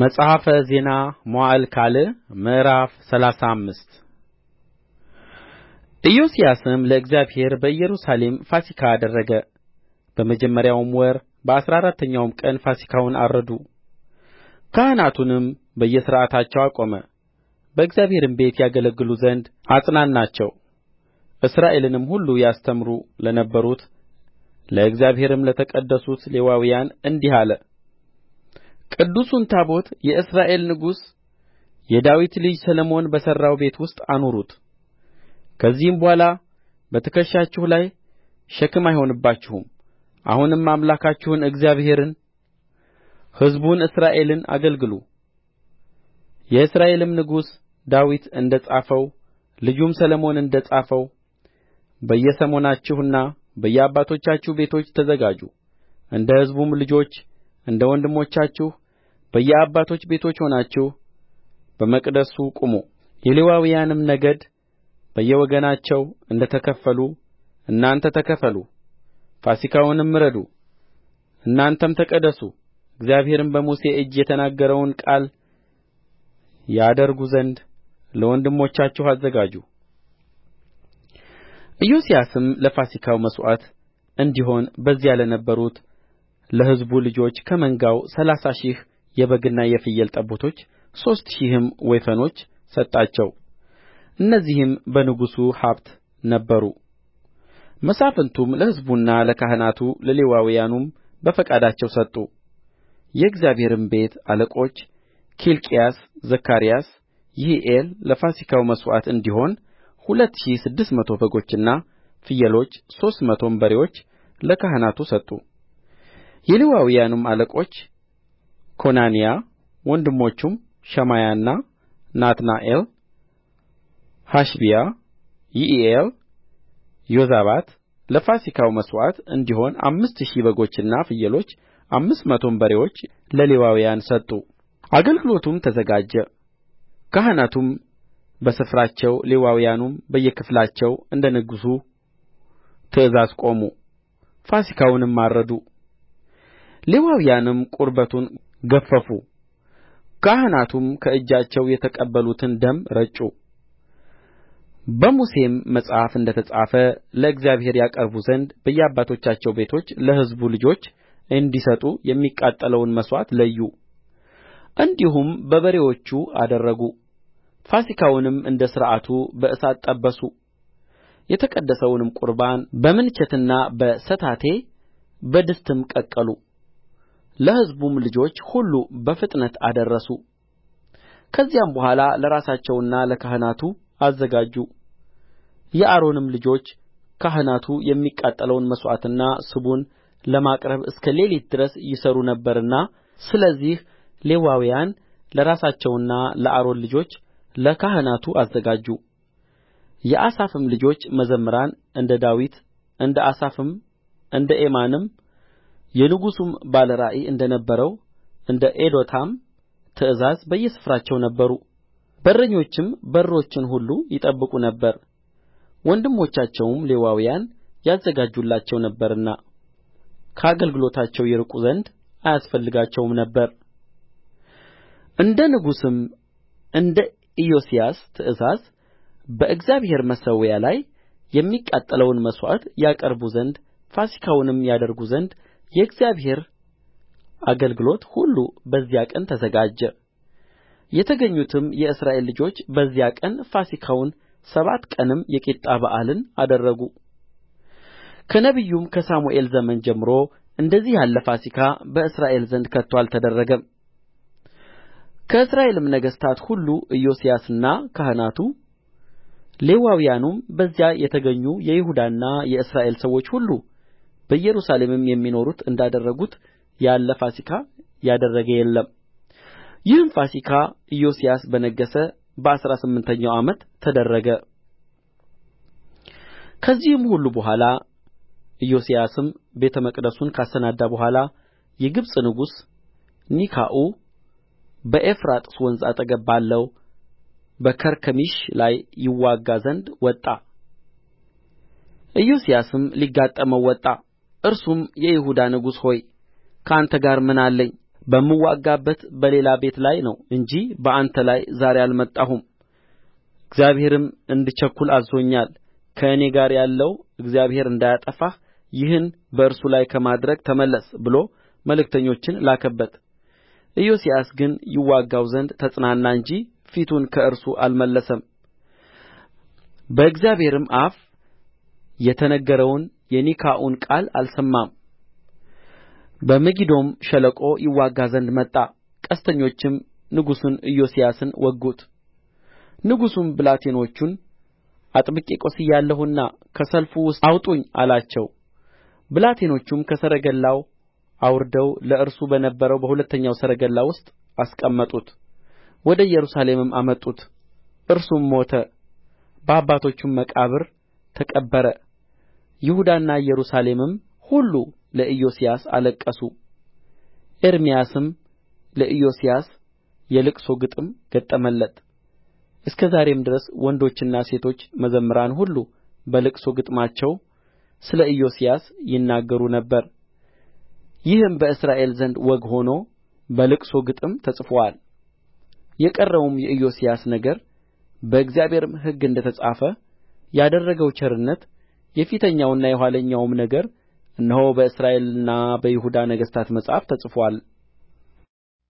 መጽሐፈ ዜና መዋዕል ካልዕ ምዕራፍ ሰላሳ አምስት ኢዮስያስም ለእግዚአብሔር በኢየሩሳሌም ፋሲካ አደረገ። በመጀመሪያውም ወር በአሥራ አራተኛው ቀን ፋሲካውን አረዱ። ካህናቱንም በየሥርዓታቸው አቆመ። በእግዚአብሔርም ቤት ያገለግሉ ዘንድ አጽናናቸው። እስራኤልንም ሁሉ ያስተምሩ ለነበሩት ለእግዚአብሔርም ለተቀደሱት ሌዋውያን እንዲህ አለ ቅዱሱን ታቦት የእስራኤል ንጉሥ የዳዊት ልጅ ሰሎሞን በሠራው ቤት ውስጥ አኑሩት ከዚህም በኋላ በትከሻችሁ ላይ ሸክም አይሆንባችሁም አሁንም አምላካችሁን እግዚአብሔርን ሕዝቡን እስራኤልን አገልግሉ የእስራኤልም ንጉሥ ዳዊት እንደ ጻፈው ልጁም ሰሎሞን እንደ ጻፈው በየሰሞናችሁና በየአባቶቻችሁ ቤቶች ተዘጋጁ እንደ ሕዝቡም ልጆች እንደ ወንድሞቻችሁ በየአባቶች ቤቶች ሆናችሁ በመቅደሱ ቁሙ የሌዋውያንም ነገድ በየወገናቸው እንደ ተከፈሉ እናንተ ተከፈሉ ፋሲካውንም እረዱ እናንተም ተቀደሱ እግዚአብሔርም በሙሴ እጅ የተናገረውን ቃል ያደርጉ ዘንድ ለወንድሞቻችሁ አዘጋጁ ኢዮስያስም ለፋሲካው መሥዋዕት እንዲሆን በዚያ ለነበሩት ለሕዝቡ ልጆች ከመንጋው ሠላሳ ሺህ የበግና የፍየል ጠቦቶች ሦስት ሺህም ወይፈኖች ሰጣቸው እነዚህም በንጉሡ ሀብት ነበሩ መሳፍንቱም ለሕዝቡና ለካህናቱ ለሌዋውያኑም በፈቃዳቸው ሰጡ የእግዚአብሔርም ቤት አለቆች ኬልቅያስ ዘካርያስ ይሒኤል ለፋሲካው መሥዋዕት እንዲሆን ሁለት ሺህ ስድስት መቶ በጎችና ፍየሎች ሦስት መቶም በሬዎች ለካህናቱ ሰጡ የሌዋውያኑም አለቆች ኮናንያ ወንድሞቹም ሸማያና ናትናኤል ሐሸቢያ ይዒኤል ዮዛባት ለፋሲካው መሥዋዕት እንዲሆን አምስት ሺህ በጎችና ፍየሎች አምስት መቶም በሬዎች ለሌዋውያን ሰጡ አገልግሎቱም ተዘጋጀ ካህናቱም በስፍራቸው ሌዋውያኑም በየክፍላቸው እንደ ንጉሡ ትእዛዝ ቆሙ ፋሲካውንም አረዱ ሌዋውያንም ቁርበቱን ገፈፉ ካህናቱም ከእጃቸው የተቀበሉትን ደም ረጩ በሙሴም መጽሐፍ እንደ ተጻፈ ለእግዚአብሔር ያቀርቡ ዘንድ በየአባቶቻቸው ቤቶች ለሕዝቡ ልጆች እንዲሰጡ የሚቃጠለውን መሥዋዕት ለዩ እንዲሁም በበሬዎቹ አደረጉ ፋሲካውንም እንደ ሥርዓቱ በእሳት ጠበሱ የተቀደሰውንም ቁርባን በምንቸትና በሰታቴ በድስትም ቀቀሉ ለሕዝቡም ልጆች ሁሉ በፍጥነት አደረሱ ከዚያም በኋላ ለራሳቸውና ለካህናቱ አዘጋጁ የአሮንም ልጆች ካህናቱ የሚቃጠለውን መሥዋዕትና ስቡን ለማቅረብ እስከ ሌሊት ድረስ ይሠሩ ነበርና ስለዚህ ሌዋውያን ለራሳቸውና ለአሮን ልጆች ለካህናቱ አዘጋጁ የአሳፍም ልጆች መዘምራን እንደ ዳዊት እንደ አሳፍም እንደ ኤማንም የንጉሡም ባለ ራእይ እንደ ነበረው እንደ ኤዶታም ትእዛዝ በየስፍራቸው ነበሩ በረኞችም በሮችን ሁሉ ይጠብቁ ነበር ወንድሞቻቸውም ሌዋውያን ያዘጋጁላቸው ነበርና ከአገልግሎታቸው ይርቁ ዘንድ አያስፈልጋቸውም ነበር እንደ ንጉሡም እንደ ኢዮስያስ ትእዛዝ በእግዚአብሔር መሠዊያ ላይ የሚቃጠለውን መሥዋዕት ያቀርቡ ዘንድ ፋሲካውንም ያደርጉ ዘንድ የእግዚአብሔር አገልግሎት ሁሉ በዚያ ቀን ተዘጋጀ የተገኙትም የእስራኤል ልጆች በዚያ ቀን ፋሲካውን ሰባት ቀንም የቂጣ በዓልን አደረጉ ከነቢዩም ከሳሙኤል ዘመን ጀምሮ እንደዚህ ያለ ፋሲካ በእስራኤል ዘንድ ከቶ አልተደረገም ከእስራኤልም ነገሥታት ሁሉ ኢዮስያስና ካህናቱ ሌዋውያኑም በዚያ የተገኙ የይሁዳና የእስራኤል ሰዎች ሁሉ በኢየሩሳሌምም የሚኖሩት እንዳደረጉት ያለ ፋሲካ ያደረገ የለም ይህም ፋሲካ ኢዮስያስ በነገሠ በአሥራ ስምንተኛው ዓመት ተደረገ ከዚህም ሁሉ በኋላ ኢዮስያስም ቤተ መቅደሱን ካሰናዳ በኋላ የግብጽ ንጉሥ ኒካዑ በኤፍራጥስ ወንዝ አጠገብ ባለው በከርከሚሽ ላይ ይዋጋ ዘንድ ወጣ ኢዮስያስም ሊጋጠመው ወጣ እርሱም የይሁዳ ንጉሥ ሆይ ከአንተ ጋር ምን አለኝ በምዋጋበት በሌላ ቤት ላይ ነው እንጂ በአንተ ላይ ዛሬ አልመጣሁም እግዚአብሔርም እንድቸኩል አዝዞኛል ከእኔ ጋር ያለው እግዚአብሔር እንዳያጠፋህ ይህን በእርሱ ላይ ከማድረግ ተመለስ ብሎ መልእክተኞችን ላከበት ኢዮስያስ ግን ይዋጋው ዘንድ ተጽናና እንጂ ፊቱን ከእርሱ አልመለሰም በእግዚአብሔርም አፍ የተነገረውን የኒካዑን ቃል አልሰማም በመጊዶም ሸለቆ ይዋጋ ዘንድ መጣ ቀስተኞችም ንጉሡን ኢዮስያስን ወጉት ንጉሡም ብላቴኖቹን አጥብቄ ቈስያለሁና ከሰልፉ ውስጥ አውጡኝ አላቸው ብላቴኖቹም ከሰረገላው አውርደው ለእርሱ በነበረው በሁለተኛው ሰረገላ ውስጥ አስቀመጡት ወደ ኢየሩሳሌምም አመጡት እርሱም ሞተ በአባቶቹም መቃብር ተቀበረ ይሁዳና ኢየሩሳሌምም ሁሉ ለኢዮስያስ አለቀሱ ኤርምያስም ለኢዮስያስ የልቅሶ ግጥም ገጠመለት እስከ ዛሬም ድረስ ወንዶችና ሴቶች መዘምራን ሁሉ በልቅሶ ግጥማቸው ስለ ኢዮስያስ ይናገሩ ነበር ይህም በእስራኤል ዘንድ ወግ ሆኖ በልቅሶ ግጥም ተጽፎአል የቀረውም የኢዮስያስ ነገር በእግዚአብሔርም ሕግ እንደ ተጻፈ ያደረገው ቸርነት የፊተኛውና የኋለኛውም ነገር እነሆ በእስራኤልና በይሁዳ ነገሥታት መጽሐፍ ተጽፎአል